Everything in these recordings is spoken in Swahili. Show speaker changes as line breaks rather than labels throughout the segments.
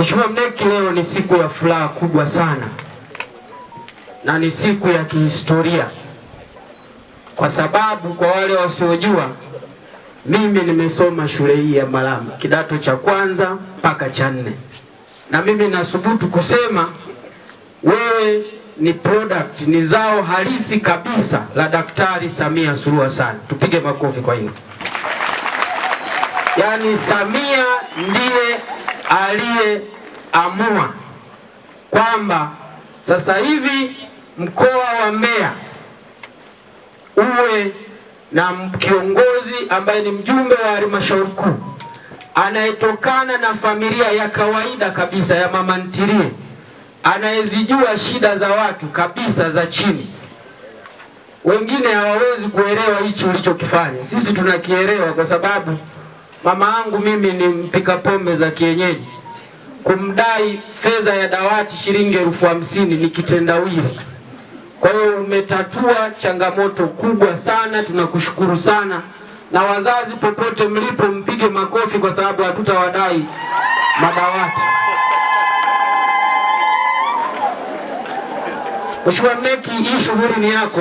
Mheshimiwa Mdeki, leo ni siku ya furaha kubwa sana na ni siku ya kihistoria, kwa sababu kwa wale wasiojua, mimi nimesoma shule hii ya Malama kidato cha kwanza mpaka cha nne, na mimi nasubutu kusema wewe ni product, ni zao halisi kabisa la Daktari Samia Suluhu Hassan. Tupige makofi kwa hiyo Yaani Samia ndiye aliyeamua kwamba sasa hivi mkoa wa Mbeya uwe na kiongozi ambaye ni mjumbe wa halmashauri kuu anayetokana na familia ya kawaida kabisa ya mama ntilie, anayezijua shida za watu kabisa za chini. Wengine hawawezi kuelewa hichi ulichokifanya, sisi tunakielewa kwa sababu mama yangu mimi ni mpika pombe za kienyeji, kumdai fedha ya dawati shilingi elfu hamsini ni kitendawili. Kwa hiyo umetatua changamoto kubwa sana, tunakushukuru sana. Na wazazi popote mlipo, mpige makofi kwa sababu hatutawadai madawati. Mheshimiwa Mneki, hii shughuli ni yako.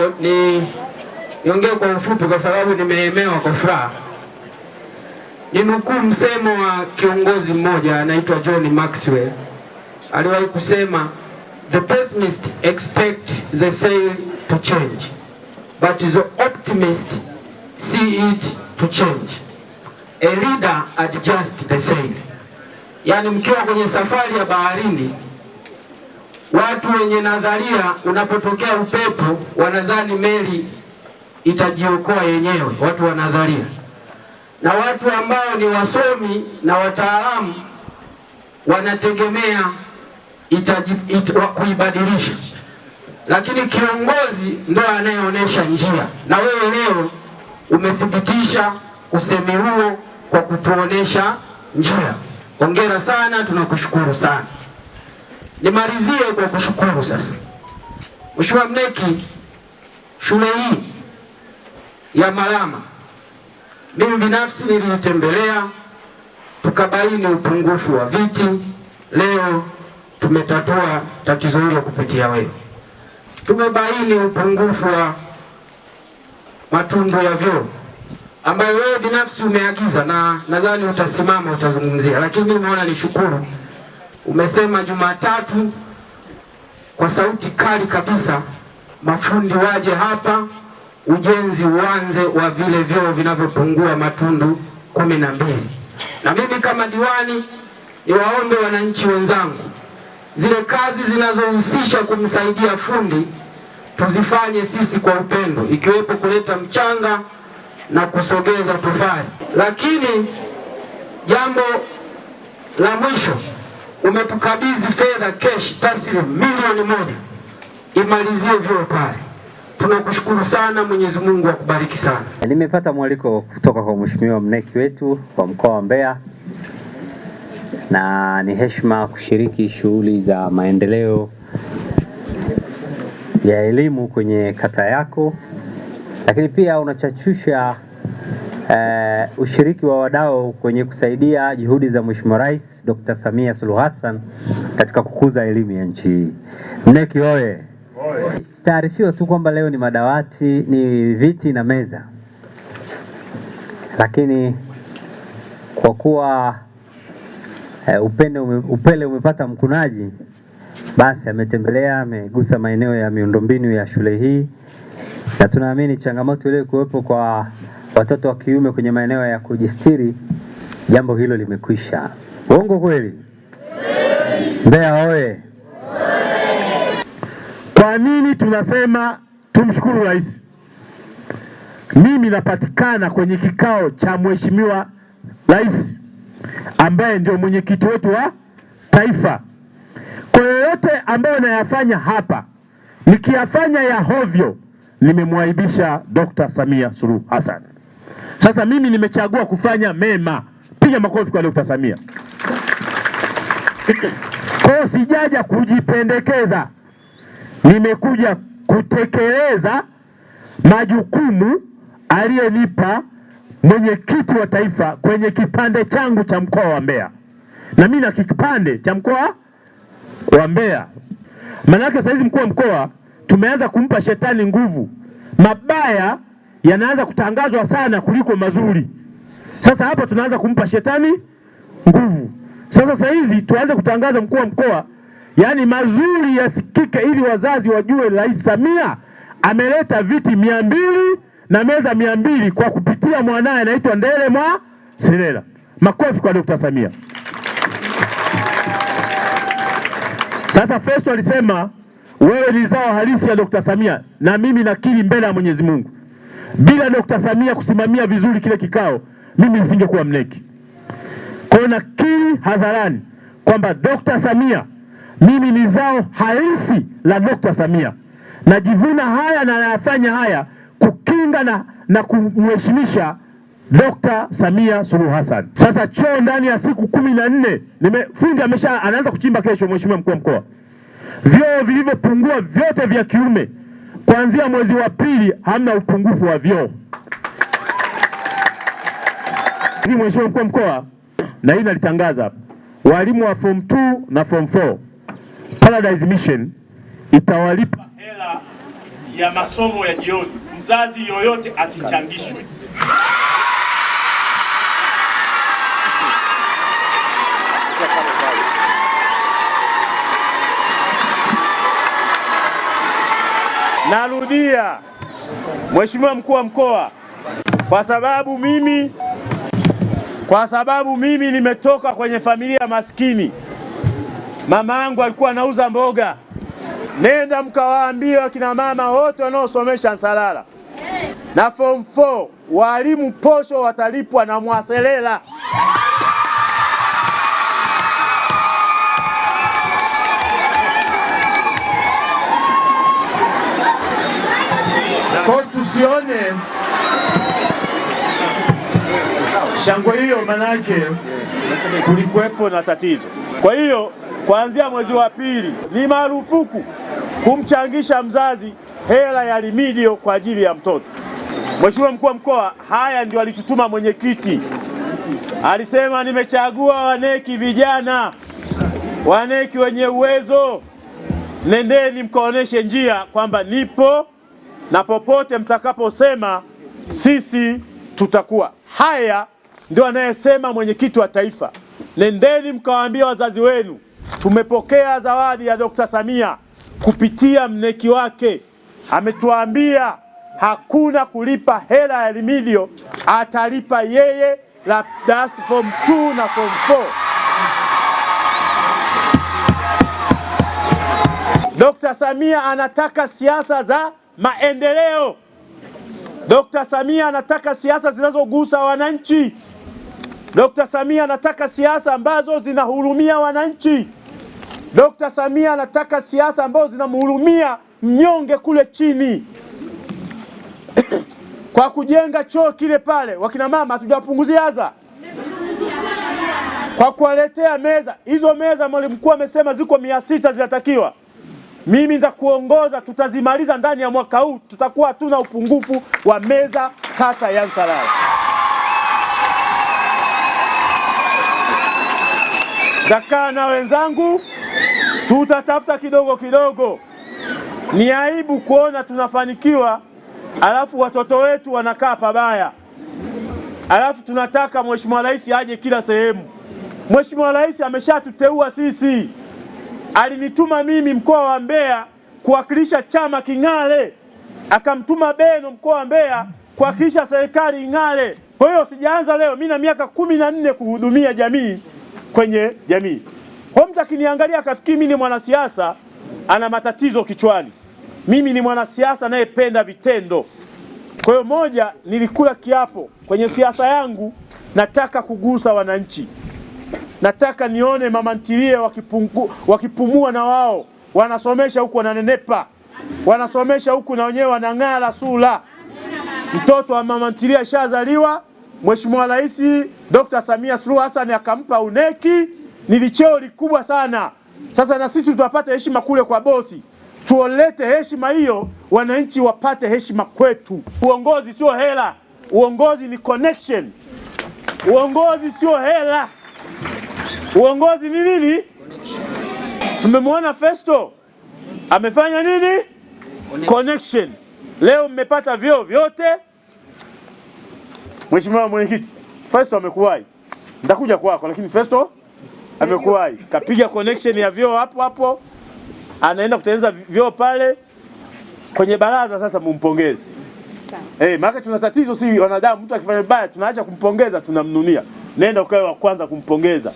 Niongee kwa ufupi kwa sababu nimeemewa kwa furaha. Ni nukuu msemo wa kiongozi mmoja anaitwa John Maxwell aliwahi kusema, the pessimist expect the sail to change but the optimist see it to change, a leader adjust the sail. Yaani, mkiwa kwenye safari ya baharini, watu wenye nadharia, unapotokea upepo wanadhani meli itajiokoa yenyewe, watu wa nadharia na watu ambao ni wasomi na wataalamu wanategemea it, kuibadilisha, lakini kiongozi ndo anayeonyesha njia, na wewe leo umethibitisha usemi huo kwa kutuonesha njia. Hongera sana, tunakushukuru sana. Nimalizie kwa kushukuru sasa, Mheshimiwa Mneki, shule hii ya Malama mimi binafsi nilitembelea, tukabaini upungufu wa viti. Leo tumetatua tatizo hilo kupitia wewe. Tumebaini upungufu wa matundu ya vyoo ambayo wewe binafsi umeagiza, na nadhani utasimama utazungumzia, lakini mimi naona ni shukuru. Umesema Jumatatu kwa sauti kali kabisa, mafundi waje hapa ujenzi uanze wa vile vyoo vinavyopungua matundu kumi na mbili. Na mimi kama diwani niwaombe wananchi wenzangu, zile kazi zinazohusisha kumsaidia fundi tuzifanye sisi kwa upendo, ikiwepo kuleta mchanga na kusogeza tofali. Lakini jambo la mwisho, umetukabidhi fedha kesh taslim milioni moja imalizie vyoo pale. Tunakushukuru sana, Mwenyezi Mungu akubariki sana.
Nimepata mwaliko kutoka kwa mheshimiwa mneki wetu wa mkoa wa Mbeya, na ni heshima kushiriki shughuli za maendeleo ya elimu kwenye kata yako, lakini pia unachachusha Uh, ushiriki wa wadau kwenye kusaidia juhudi za Mheshimiwa Rais Dr. Samia Suluhu Hassan katika kukuza elimu ya nchi hii. Mneki oye! Taarifiwa tu kwamba leo ni madawati, ni viti na meza, lakini kwa kuwa uh, upende ume, upele umepata mkunaji, basi ametembelea amegusa maeneo ya miundombinu ya shule hii, na tunaamini changamoto kuwepo kwa watoto wa kiume kwenye maeneo ya kujistiri, jambo hilo limekwisha. Uongo kweli? Mbeya oye!
Kwa nini tunasema tumshukuru rais? Mimi napatikana kwenye kikao cha mheshimiwa rais ambaye ndio mwenyekiti wetu wa taifa. Kwa yoyote ambayo nayafanya hapa, nikiyafanya ya hovyo, nimemwaibisha Dr. Samia Suluhu Hassan. Sasa mimi nimechagua kufanya mema. Piga makofi kwa Dr. Samia. Kwa hiyo sijaja kujipendekeza nimekuja kutekeleza majukumu aliyenipa mwenyekiti wa taifa kwenye kipande changu cha mkoa wa Mbeya, na mimi na kipande cha mkoa wa Mbeya. Maanake saizi mkuu wa mkoa tumeanza kumpa shetani nguvu, mabaya yanaanza kutangazwa sana kuliko mazuri. Sasa hapa tunaanza kumpa shetani nguvu. Sasa saizi tuanze kutangaza mkuu wa mkoa yaani mazuri yasikike, ili wazazi wajue Rais Samia ameleta viti mia mbili na meza mia mbili kwa kupitia mwanaye anaitwa Ndele Mwa Selela. Makofi kwa Dr. Samia. Sasa Festo alisema wewe ni zao halisi ya Dr. Samia, na mimi nakiri mbele ya Mwenyezi Mungu, bila Dr. Samia kusimamia vizuri kile kikao, mimi nisingekuwa mneki. Kwa hiyo nakiri hadharani kwamba Dr. Samia mimi ni zao halisi la Dr. Samia. Najivuna haya na nayafanya haya kukinga na, na kumheshimisha Dr. Samia Suluhu Hassan. Sasa choo ndani ya siku kumi na nne fundi amesha anaanza kuchimba kesho, Mheshimiwa mkuu wa mkoa. Vyoo vilivyopungua vyote vya kiume kuanzia mwezi wa pili hamna upungufu wa vyoo. Mheshimiwa mkuu wa mkoa, na hii nalitangaza walimu wa form 2 na form 4 Paradise Mission itawalipa hela
ya masomo ya jioni. Mzazi yoyote asichangishwe.
Narudia, Mheshimiwa mkuu wa mkoa, kwa sababu mimi kwa sababu mimi nimetoka kwenye familia maskini. Mama yangu alikuwa anauza mboga. Nenda mkawaambia wakina mama wote wanaosomesha Nsalala na form 4 walimu posho watalipwa na Mwaselela. Kwa tusione shangwe hiyo, manake kulikuwepo na tatizo. Kwa hiyo kuanzia mwezi wa pili ni marufuku kumchangisha mzazi hela ya limidio kwa ajili ya mtoto. Mheshimiwa mkuu wa mkoa, haya ndio alitutuma mwenyekiti, alisema nimechagua waneki vijana, waneki wenye uwezo, nendeni mkaoneshe njia kwamba nipo na popote mtakaposema sisi tutakuwa. Haya ndio anayesema mwenyekiti wa taifa, nendeni mkawaambia wazazi wenu Tumepokea zawadi ya Dr. Samia kupitia mneki wake, ametuambia hakuna kulipa hela ya remedial, atalipa yeye la das form 2 na form 4. Dr. Samia anataka siasa za maendeleo. Dr. Samia anataka siasa zinazogusa wananchi. Dr. Samia anataka siasa ambazo zinahurumia wananchi dokta Samia anataka siasa ambazo zinamhurumia mnyonge kule chini kwa kujenga choo kile pale, wakina mama hatujawapunguzia adha kwa kuwaletea meza hizo. Meza mwalimu mkuu amesema ziko mia sita zinatakiwa. Mimi nitakuongoza, tutazimaliza ndani ya mwaka huu, tutakuwa hatuna upungufu wa meza kata ya Msalala. Nitakaa na wenzangu tutatafuta kidogo kidogo. Ni aibu kuona tunafanikiwa alafu watoto wetu wanakaa pabaya, alafu tunataka Mheshimiwa Rais aje kila sehemu. Mheshimiwa Rais ameshatuteua sisi, alinituma mimi mkoa wa Mbeya kuwakilisha chama king'ale, akamtuma Beno mkoa wa Mbeya kuwakilisha serikali ing'ale. Kwa hiyo sijaanza leo, mimi na miaka kumi na nne kuhudumia jamii kwenye jamii akiniangalia akafikiri mimi ni mwanasiasa ana matatizo kichwani. Mimi ni mwanasiasa anayependa vitendo. Kwa hiyo moja, nilikula kiapo kwenye siasa yangu, nataka kugusa wananchi, nataka nione mama ntilie wakipungu, wakipumua na wao wanasomesha huku wananenepa, wanasomesha huku na wenyewe wanang'ara sura. Mtoto wa mama ntilie ashazaliwa, Mheshimiwa Rais Dr. Samia Suluhu Hassan akampa uneki ni licheo likubwa sana. Sasa na sisi tutapata heshima kule kwa bosi, tuolete heshima hiyo, wananchi wapate heshima kwetu. Uongozi sio hela, uongozi ni connection. Uongozi sio hela, uongozi ni nini? Simemwona Festo amefanya nini? Connection. Leo mmepata vyoo vyote. Mheshimiwa Mwenyekiti, Festo amekuwai nitakuja kwako, lakini Festo amekuwai kapiga connection ya vyoo hapo hapo, anaenda kutengeneza vyoo pale kwenye baraza. Sasa mumpongeze eh, maana tuna tatizo si wanadamu, mtu akifanya baya tunaacha kumpongeza, tunamnunia. Nenda ukawe wa kwanza kumpongeza,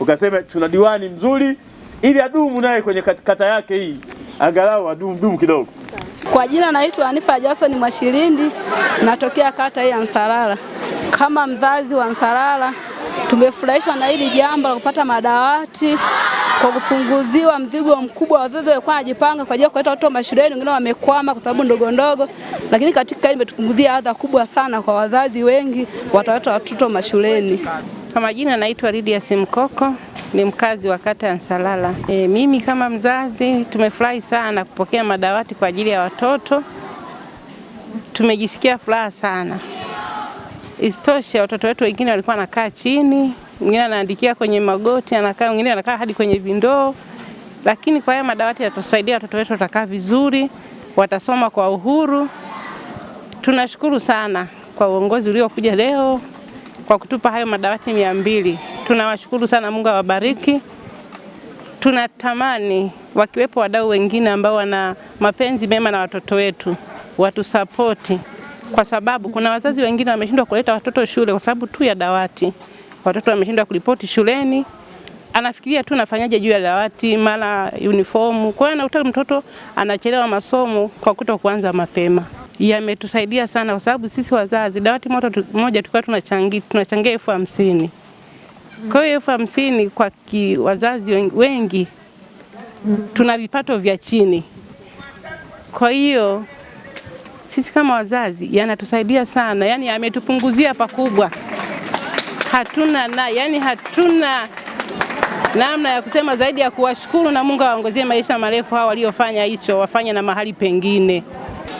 ukasema tuna diwani mzuri, ili adumu naye kwenye kata yake hii, angalau adumu dumu kidogo.
Kwa jina naitwa Anifa Jason Mwashilindi, natokea kata hii ya Msalala. Kama mzazi wa Msalala Tumefurahishwa na hili jambo la kupata madawati kwa kupunguziwa mzigo mkubwa. Wazazi walikuwa wanajipanga kwa ajili ya kuleta watoto mashuleni, wengine wamekwama kwa sababu ndogo ndogo, lakini katika hili imetupunguzia adha kubwa sana kwa wazazi wengi wataleta watoto mashuleni.
Kwa majina naitwa Lidia Simkoko ni mkazi wa kata ya Nsalala. E, mimi kama mzazi tumefurahi sana kupokea madawati kwa ajili ya watoto, tumejisikia furaha sana. Isitoshe, watoto wetu wengine walikuwa anakaa chini, mwingine anaandikia kwenye magoti, anakaa mwingine anakaa hadi kwenye vindoo, lakini kwa haya madawati yatusaidia watoto wetu watakaa vizuri, watasoma kwa uhuru. Tunashukuru sana kwa uongozi uliokuja leo kwa kutupa hayo madawati mia mbili. Tunawashukuru sana, Mungu awabariki. Tunatamani wakiwepo wadau wengine ambao wana mapenzi mema na watoto wetu watusapoti kwa sababu kuna wazazi wengine wameshindwa kuleta watoto shule kwa sababu tu ya dawati. Watoto wameshindwa kuripoti shuleni, anafikiria tu nafanyaje juu ya dawati, mara uniformu. Kwa hiyo anakuta mtoto anachelewa masomo kwa kuto kuanza mapema. Yametusaidia sana kwa sababu sisi wazazi dawati moja tulikuwa tunachangia tunachangia elfu hamsini. Kwa hiyo elfu hamsini kwa ki, wazazi wengi tuna vipato vya chini, kwa hiyo sisi kama wazazi yanatusaidia sana, yani yametupunguzia pakubwa. Hatuna na, yani hatuna namna ya kusema zaidi ya kuwashukuru, na Mungu awaongozie maisha marefu hawa waliofanya hicho, wafanye na mahali pengine.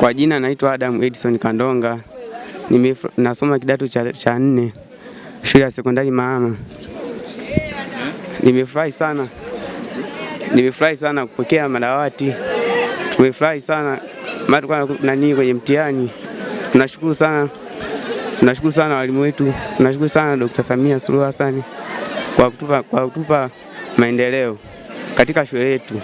Kwa jina naitwa Adam Edison Kandonga, nasoma kidato cha, cha nne shule ya sekondari Mahama. Nimefurahi sana, nimefurahi sana kupokea madawati, tumefurahi sana maana tulikuwa nani kwenye mtihani. Tunashukuru sana, tunashukuru sana walimu wetu, tunashukuru sana Dr. Samia Suluhu Hassan kwa kutupa, kwa kutupa maendeleo katika shule yetu.